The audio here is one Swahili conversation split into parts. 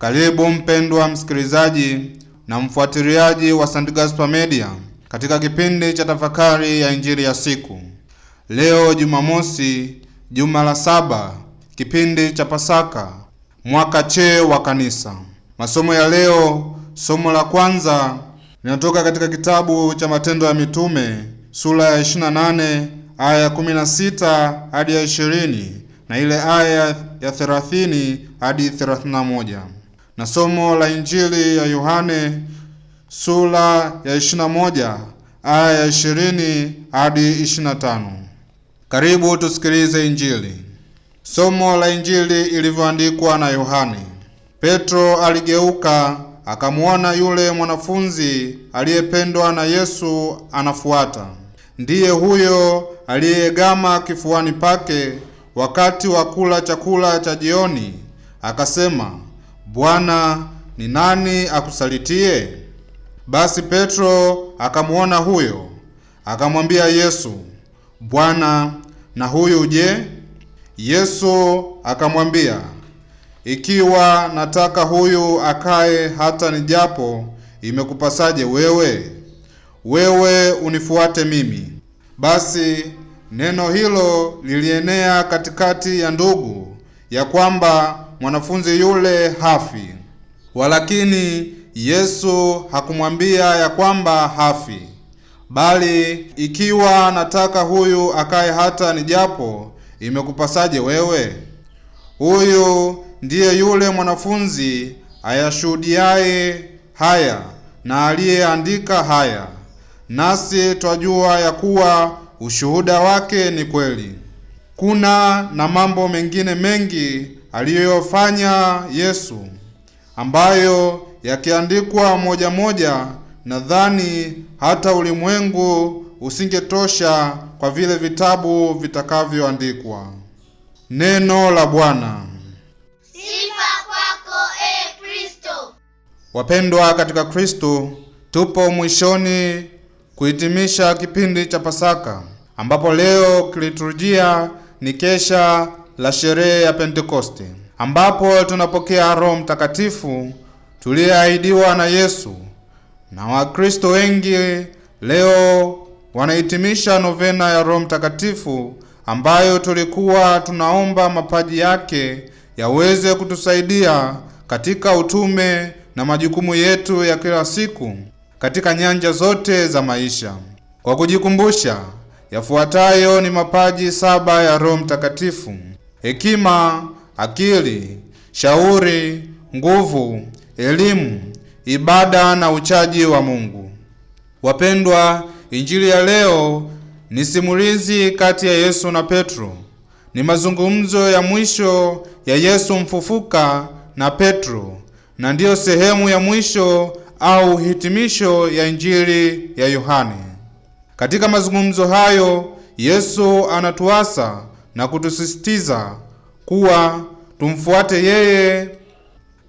Karibu mpendwa msikilizaji na mfuatiliaji wa St. Gaspar Media katika kipindi cha tafakari ya injili ya siku. Leo Jumamosi, juma la saba, kipindi cha Pasaka, mwaka C wa Kanisa. Masomo ya leo, somo la kwanza linatoka katika kitabu cha Matendo ya Mitume sura ya 28 aya ya 16 hadi ya 20 na ile aya ya 30 hadi 31. Na somo la Injili ya Yohane sura ya 21 aya ya 20 hadi 25. Karibu tusikilize Injili. Somo la Injili ilivyoandikwa na Yohane. Petro aligeuka akamwona yule mwanafunzi aliyependwa na Yesu anafuata. Ndiye huyo aliyegama kifuani pake wakati wa kula chakula cha jioni, akasema Bwana, ni nani akusalitie? Basi Petro akamwona huyo, akamwambia Yesu, Bwana, na huyu je? Yesu akamwambia, ikiwa nataka huyu akae hata nijapo, imekupasaje wewe? Wewe unifuate mimi. Basi neno hilo lilienea katikati ya ndugu ya kwamba mwanafunzi yule hafi. Walakini Yesu hakumwambia ya kwamba hafi, bali ikiwa nataka huyu akae hata ni japo, imekupasaje wewe? Huyu ndiye yule mwanafunzi ayashuhudiaye haya na aliyeandika haya, nasi twajua ya kuwa ushuhuda wake ni kweli. Kuna na mambo mengine mengi aliyofanya Yesu, ambayo yakiandikwa moja moja, nadhani hata ulimwengu usingetosha kwa vile vitabu vitakavyoandikwa. Neno la Bwana. Sifa kwako e Kristo. Wapendwa katika Kristo, tupo mwishoni kuhitimisha kipindi cha Pasaka ambapo leo kiliturujia ni kesha la sherehe ya Pentekoste, ambapo tunapokea Roho Mtakatifu tuliyeahidiwa na Yesu, na Wakristo wengi leo wanahitimisha novena ya Roho Mtakatifu ambayo tulikuwa tunaomba mapaji yake yaweze kutusaidia katika utume na majukumu yetu ya kila siku katika nyanja zote za maisha. Kwa kujikumbusha, yafuatayo ni mapaji saba ya Roho Mtakatifu hekima, akili, shauri, nguvu, elimu, ibada na uchaji wa Mungu. Wapendwa, injili ya leo ni simulizi kati ya Yesu na Petro. Ni mazungumzo ya mwisho ya Yesu mfufuka na Petro, na ndiyo sehemu ya mwisho au hitimisho ya injili ya Yohane. Katika mazungumzo hayo Yesu anatuasa na kutusisitiza kuwa tumfuate yeye.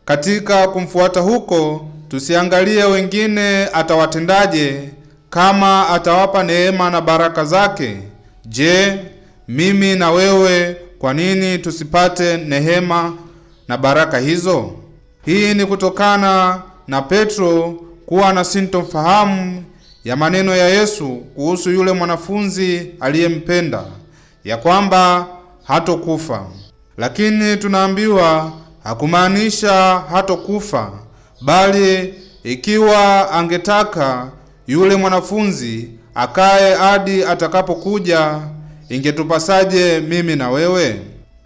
Katika kumfuata huko, tusiangalie wengine atawatendaje, kama atawapa neema na baraka zake. Je, mimi na wewe, kwa nini tusipate neema na baraka hizo? Hii ni kutokana na Petro kuwa na sintofahamu ya maneno ya Yesu kuhusu yule mwanafunzi aliyempenda ya kwamba hatokufa. Lakini tunaambiwa hakumaanisha hatokufa, bali ikiwa angetaka yule mwanafunzi akae hadi atakapokuja, ingetupasaje mimi na wewe?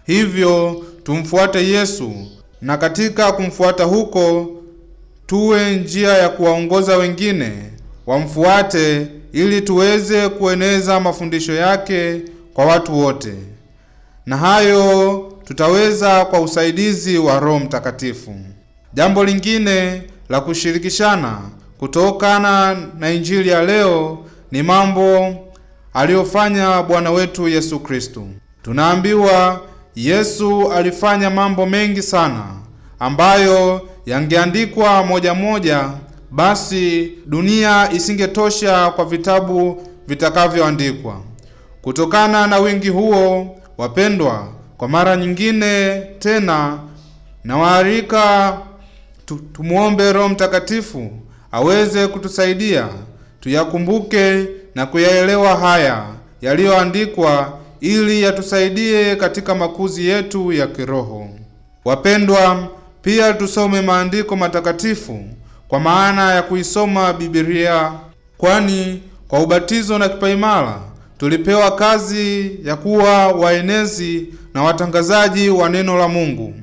Hivyo tumfuate Yesu, na katika kumfuata huko tuwe njia ya kuwaongoza wengine wamfuate, ili tuweze kueneza mafundisho yake kwa watu wote, na hayo tutaweza kwa usaidizi wa Roho Mtakatifu. Jambo lingine la kushirikishana kutokana na injili ya leo ni mambo aliyofanya Bwana wetu Yesu Kristo. Tunaambiwa Yesu alifanya mambo mengi sana ambayo yangeandikwa moja moja, basi dunia isingetosha kwa vitabu vitakavyoandikwa. Kutokana na wingi huo, wapendwa, kwa mara nyingine tena nawaalika tumwombe Roho Mtakatifu aweze kutusaidia tuyakumbuke na kuyaelewa haya yaliyoandikwa ili yatusaidie katika makuzi yetu ya kiroho. Wapendwa, pia tusome maandiko matakatifu kwa maana ya kuisoma Biblia, kwani kwa ubatizo na kipaimara tulipewa kazi ya kuwa waenezi na watangazaji wa neno la Mungu.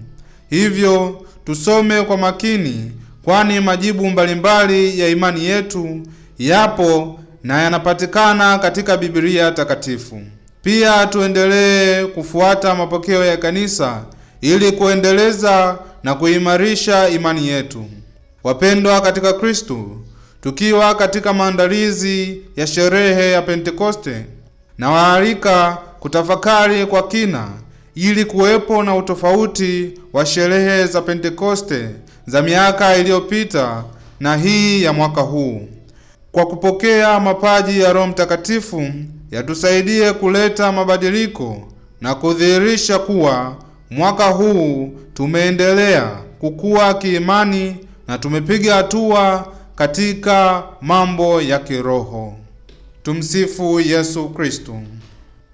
Hivyo tusome kwa makini, kwani majibu mbalimbali ya imani yetu yapo na yanapatikana katika Biblia takatifu. Pia tuendelee kufuata mapokeo ya kanisa ili kuendeleza na kuimarisha imani yetu. Wapendwa katika Kristo, tukiwa katika maandalizi ya sherehe ya Pentekoste na waalika kutafakari kwa kina ili kuwepo na utofauti wa sherehe za Pentekoste za miaka iliyopita na hii ya mwaka huu. Kwa kupokea mapaji ya Roho Mtakatifu yatusaidie kuleta mabadiliko na kudhihirisha kuwa mwaka huu tumeendelea kukua kiimani na tumepiga hatua katika mambo ya kiroho. Tumsifu Yesu Kristu.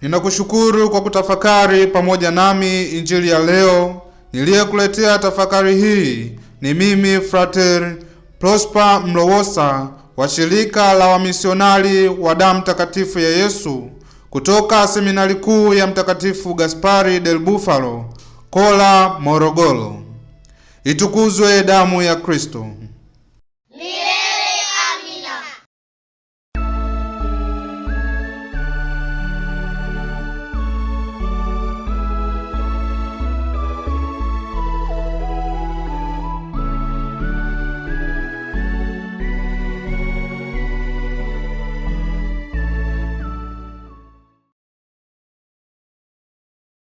Ninakushukuru kwa kutafakari pamoja nami injili ya leo. Niliyekuletea tafakari hii ni mimi Frater Prosper Mlowosa wa shirika la wamisionari wa damu takatifu ya Yesu kutoka seminari kuu ya Mtakatifu Gaspari del Bufalo, Kola, Morogoro. Itukuzwe damu ya Kristo!